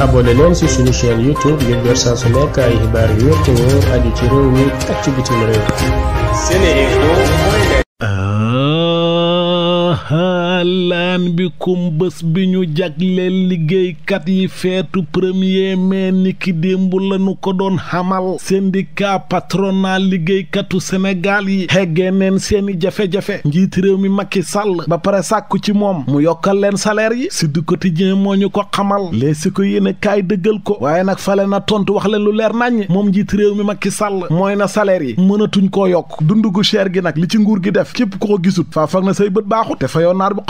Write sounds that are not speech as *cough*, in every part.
abonné leen ci suñu YouTube ngir jot saa su nekk ay xibaar yu wér te wóor aju ci réew mi ak ci ahlan bikum bés bi ñu jagleel liggéeykat yi feetu premier mai niki démb lañu ko doon seen xamal syndicat patronal liggéeykatu Sénégal yi xeggee neen seeni jafe-jafe njiit réew mi Macky Sall ba pare sàkku ci moom mu yokkal leen salaire yi si Sud Quotidien moo ñu ko xamal les si ko yéene kaay dëggal ko waaye nag fale na tontu wax leen lu leer naññ moom njiit réew mi Macky sàll mooy na salaire yi mënatuñ koo yokk dund gu cher gi nag li ci nguur gi def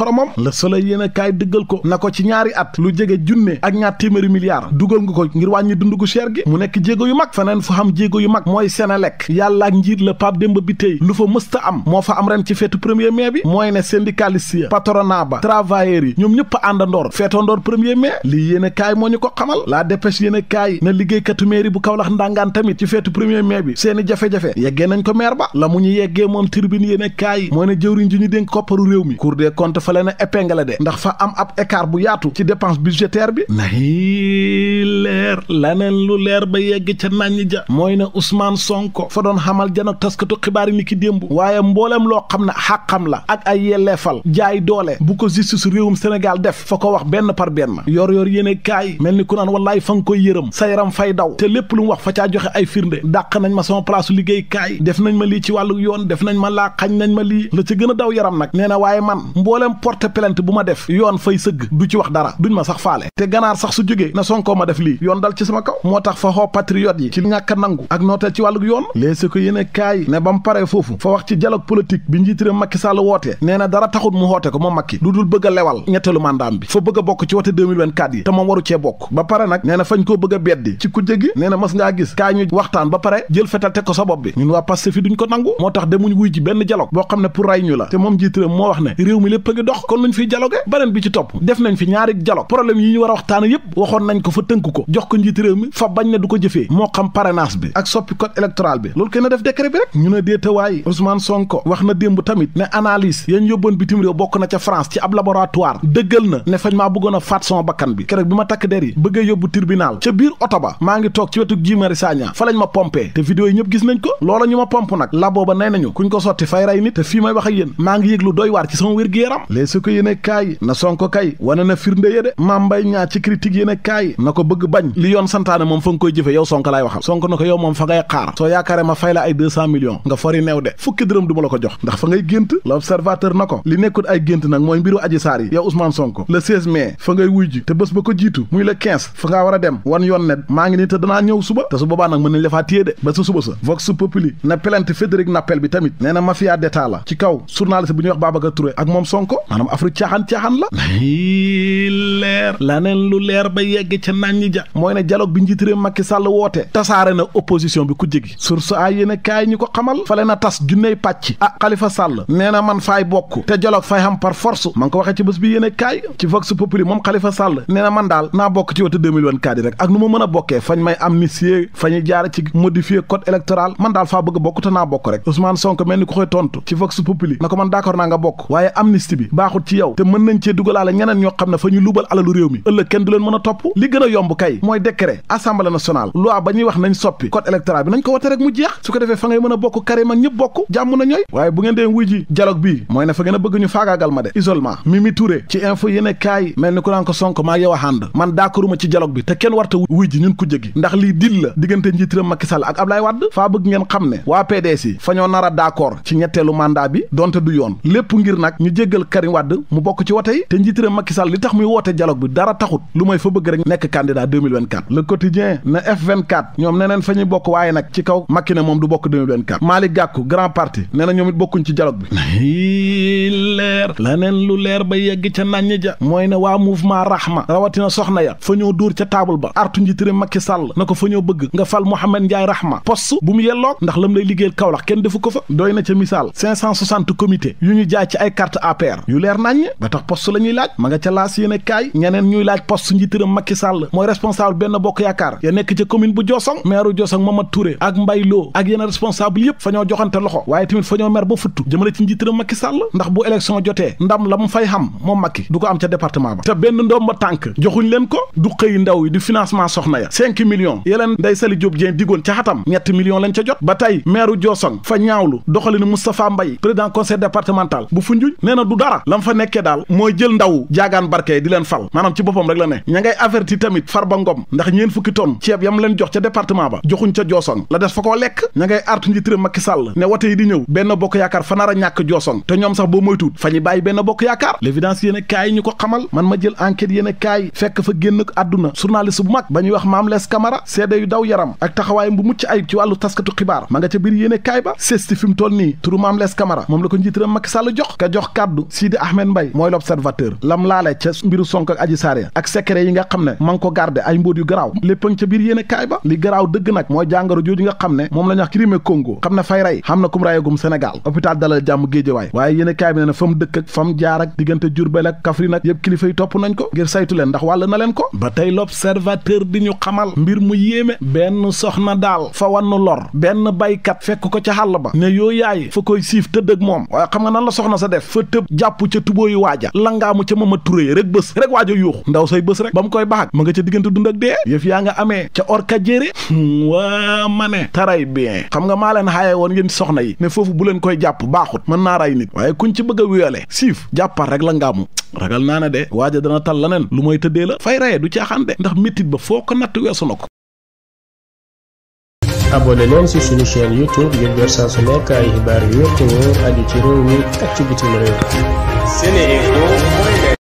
xoromam Le Soleil yéen kaay dëggal ko na ko ci ñaari at lu jege junne ak ñaar téeméeri milliards dugal nga ko ngir wàññi dund gu cher gi mu nekk jéego yu mag feneen fu xam jéego yu mag mooy Senelec yàlla ak njiit la Pape Demba bi tey lu fa mësta am moo fa am ren ci feetu premier mai bi mooy ne syndicaliste ya patronat ba travailleurs yi ñoom ñëpp àndandoor feetondoor premier mai lii yéen a kaay moo ñu ko xamal la dépêche yéen kaay na liggéeykatu mairie bi seeni jafe-jafe yeggee nañ ko maire leen a épinglé de ndax fa am ab écart bu yaatu ci dépense budgétaire bi nay leer laneen lu leer ba yegg ca nàññ ja mooy ne Ousmane Sonko fa doon xamal janok taskatu xibaar yi ni ki démb waaye mboolem loo xam ne xàqam la ak ay yelleefal jaay doole bu ko justice réewum Sénégal def fa ko wax benn par benn yor yor yéene kaay mel ni ku naan wallaay fa nga koy yërëm sa yaram fay daw te lépp lu mu wax fa caa joxe ay firnde dàq nañ ma sama place liggéey kaay def nañ ma lii ci wàllu yoon def nañ ma laa xañ nañ ma lii la ca gën a daw yaram nag nee na waaye man mbooleem porte plainte bu ma def yoon fay sëgg du ci wax dara duñ ma sax faale te ganaar sax su jógee na Sonko ma def lii yoon dal ci sama kaw moo tax fa xoo patriote yi ci ñàkk a nangu ak nooteel ci wàllu yoon léeg si ko yéene kaay ne ba mu paree foofu fa wax ci dialogue politique bi njiitire Macky Sall wootee nee na dara taxut mu woote ko moom Macky lu dul bëgg a lewal ñetteelu mandaam bi fa bëgg a bokk ci wote 2024 yi te waru cee bokk ba pare nag nee na fañ a beddi ci ku jégi nee na mas ngaa gis kaay ñu waxtaan ba tax demuñ wuy benn dialogue boo xam ne pour la te moom njiitire moo dox kon luñ fiy dialogue beneen bi ci topp def nañ fi ñaari jalo problème yi ñu war a waxtaan yépp waxoon nañ ko fa tënk ko jox ko njiit réew mi fa bañ ne du ko jëfee moo xam parrainage bi ak soppi code électoral bi loolu kenn na def décret bi rek ñu ne déetawaay Ousmane Sonko wax na démb tamit ne analyse yañ yóbboon bitim réew bokk na ca France ci ab laboratoire dëggal na ne fañ maa bëggoon a faat sama bakkan bi keroog bi ma takk der yi bëggee yóbbu tribunal ca ba maa ngi toog ci wetu Guy Marius fa lañ ma pompé te vidéo yi ñëpp ko loola ñu ma pomp nag labo ba nay ko sotti fay ray nit te may wax yéen maa ngi yëg lu doy waar ci wér-gi-yaram les su ko yéene kaay na sonko kay wane na firnde ya de Mame Mbaye Niang ci critique yéene kaay na ko bëgg bañ li yoon santaane moom fa nga koy jëfe yow sonko laay waxal sonko na ko yow moom fa ngay xaar soo yaakaare ma fay la ay deux nga fori neew de fukki dërëm du la ko jox ndax fa ngay gént l'observateur na ko li nekkut ay gént nag mooy mbiru aji saar yi yow Sonko le 16 mai fa ngay wuy ji te bés ba ko jiitu muy le 15 fa ngaa war a yoon maa ngi ni na plainte Frédéric Nappel bi tamit nee na mafia d'état la ci kaw maanaam Afrique caaxaan-caaxaan la leer laneen lu leer ba yegg ca nañ ja mooy ne dialogue bi njiit réew Macky Sall woote tasaare na opposition bi ku jégi source a yéen kaay ñu ko xamal fale na tas junney pàcc ah Khalifa Sall nee na man faay bokk te dialogue fay xam par force man ko waxee ci bés bi yéen kaay ci Vox Populi moom Khalifa Sall nee na man daal naa bokk ci wote 2024 rek ak nu ma mën a bokkee fañ may amnistie fañuy jaar ci modifier man daal a bokk te naa bokk rek Ousmane Sonko mel ni tontu ci Vox na ko man d'accord naa nga waaye amnistie bi baaxut ci yow te mën nañ cee dugalaale ñeneen ñoo xam ne fa ñu lubal alalu réew mi ëllëg kenn du leen mën a topp li gën a yomb kay mooy décret assemblée nationale loi ba ñuy wax nañ soppi code électoral bi nañ ko wote rek mu jeex su ko defee fa ngay mën a bokk Karim ak ñëpp bokk jàmm na ñooy waaye bu ngeen dee wuy ji dialogue bii mooy ne fa ngeen a bëgg ñu faagaagal ma de isolement Mimi Touré ci info yéene kaay mel ni ku naan ko Sonko maa yow a Karim Wade mu bokk ci wote yi te njiitëram Macky Sall li tax muy woote dialogue bi dara taxut lu mooy fa bëgg rek nekk candidat 2024 le quotidien na F24 ñoom neneen fa ñuy bokk waaye nag ci kaw Macky moom du bokk 2024 Malick Gakou parti nee ñoom it bokkuñ ci dialogue bi leer laneen lu leer ba yegg ca naññ ja mooy ne waa mouvement rahma rawatina soxna ya fa ñoo dóor ca taabal ba artu njiitëram Macky Sall na ko fa ñoo bëgg nga fal Mouhamed Ndiaye rahma poste bu mu yelloog ndax lam lay liggéeyal Kaolack kenn defu ko fa doy na yu leer naññ ba tax poste la laaj ma nga ca laas yéen a kaay ñeneen ñuy laaj poste njiitëram Macky Sall mooy responsable benn bokk yaakaar ya nekk ca commune bu Diossong maire Diossong Mamadou Touré ak Mbaye Lo ak yeneen responsable yépp fa ñoo joxante loxo waaye tamit fa ñoo mer ba futtu jëmale ci njiitëram Macky Sall ndax bu élection jotee ndam la mu fay xam moom Macky du ko am ca département ba te benn ndoom ba tànk joxuñ leen ko du xëy ndaw yi di financement soxna ya cinq millions yeleen Ndeye Saly Diop Dieng digoon ca xatam ñetti ba tey maire Diossong fa ñaawlu doxalinu Moustapha Mbaye président conseil départemental bu Foundiougne nee na du dara lam fa nekkee daal mooy jël ndaw jaagaan barke di leen fal maanaam ci boppam rek la ne ña ngay averti far ba Ngom ndax ñeen fukki tonn ceeb yam leen jox ca département ba joxuñ ca Jooson la des fa ko lekk ña ngay artu njiit réew Sall ne wote yi di ñëw benn bokk yaakaar fa nar a ñàkk Jooson te ñoom sax boo moytuut fa ñu bàyyi benn bokk yaakaar l'évidence yéen kaay ñu ko xamal man ma jël enquête yéen kaay fekk fa génn àdduna journaliste bu mag ba ñuy wax Mame Less Camara seede yu daw yaram ak taxawaayam bu mucc ayib ci wàllu taskatu xibaar ma nga ca biir yéen kaay ba sesti fi mu toll nii turu Mame moom la ko njiit réew Macky Sall jox jox kàddu si di Ahmed Mbaye mooy l'observateur lam laale ca mbiru Sonko ak Adji Sarr ak secret yi nga xam ne ma ngi ko garde ay mbóot yu garaaw léppañ ca biir yéen kaay ba li garaaw dëgg nag mooy jàngoro jooju nga xam ne moom la ñu wax crime Congo xam ne fay rey xam na kum rayagum Sénégal hôpital dalal jàmm géejawaay waaye yéen kaay bi ne na fa mu dëkk ak fa mu jaar ak diggante Jurbel ak Kaffrine ak yëpp kilifa yi topp nañ ko ngir saytu leen ndax wàll na leen ko ba tey benn soxna fekk ko ca xàll ba ne yoo yaay fa koy siif tëdd ak moom waaye xam nga nan la soxna sa jàpp ca tubóoyu waaja langaamu ca mama turée rek bés rek waaja yuux ndaw say bës rek ba mu koy baxak ma nga ca diggante dund ak dee yëf yaa nga amee ca orka jére *laughs* waa ma ne taray bien xam nga maa leen xaaye woon yéen soxna yi ne foofu bu leen koy jàpp baaxut mën naa ray nit waaye kuñ ci bëgg a wiyole siif jàppal rek langaamu *tsk* ragal naa ne de waaja dana tal leneen lu may tëddee la fay raye du caaxaan de ndax métit ba foo ko natt weesu na ko abonné leen ci suñu chaîne youtube ngir jot saa su nekk yu wér te wóor aju ci réew mi ak ci bitim réew